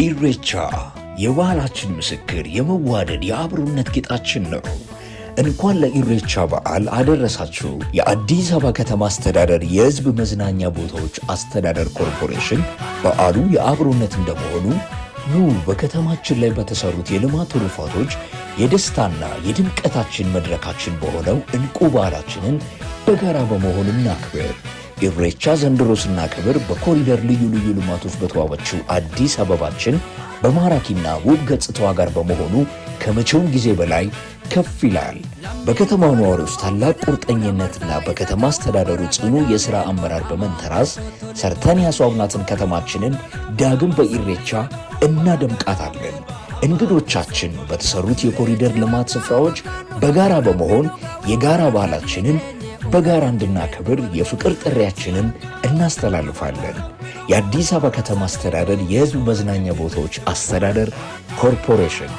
ኢሬቻ የባህላችን ምስክር፣ የመዋደድ የአብሮነት ጌጣችን ነው። እንኳን ለኢሬቻ በዓል አደረሳችሁ። የአዲስ አበባ ከተማ አስተዳደር የሕዝብ መዝናኛ ቦታዎች አስተዳደር ኮርፖሬሽን በዓሉ የአብሮነት እንደመሆኑ ኑ በከተማችን ላይ በተሰሩት የልማት ትሩፋቶች የደስታና የድምቀታችን መድረካችን በሆነው እንቁ በዓላችንን በጋራ በመሆን እናክብር። ኢሬቻ ዘንድሮ ስናከብር በኮሪደር ልዩ ልዩ ልማቶች በተዋበችው አዲስ አበባችን በማራኪና ውብ ገጽታዋ ጋር በመሆኑ ከመቼውም ጊዜ በላይ ከፍ ይላል። በከተማው ነዋሪዎች ታላቅ ቁርጠኝነትና በከተማ አስተዳደሩ ጽኑ የሥራ አመራር በመንተራስ ሰርተን ያስዋብናትን ከተማችንን ዳግም በኢሬቻ እናደምቃታለን። እንግዶቻችን በተሰሩት የኮሪደር ልማት ስፍራዎች በጋራ በመሆን የጋራ ባህላችንን በጋራ እንድናከብር የፍቅር ጥሪያችንን እናስተላልፋለን። የአዲስ አበባ ከተማ አስተዳደር የሕዝብ መዝናኛ ቦታዎች አስተዳደር ኮርፖሬሽን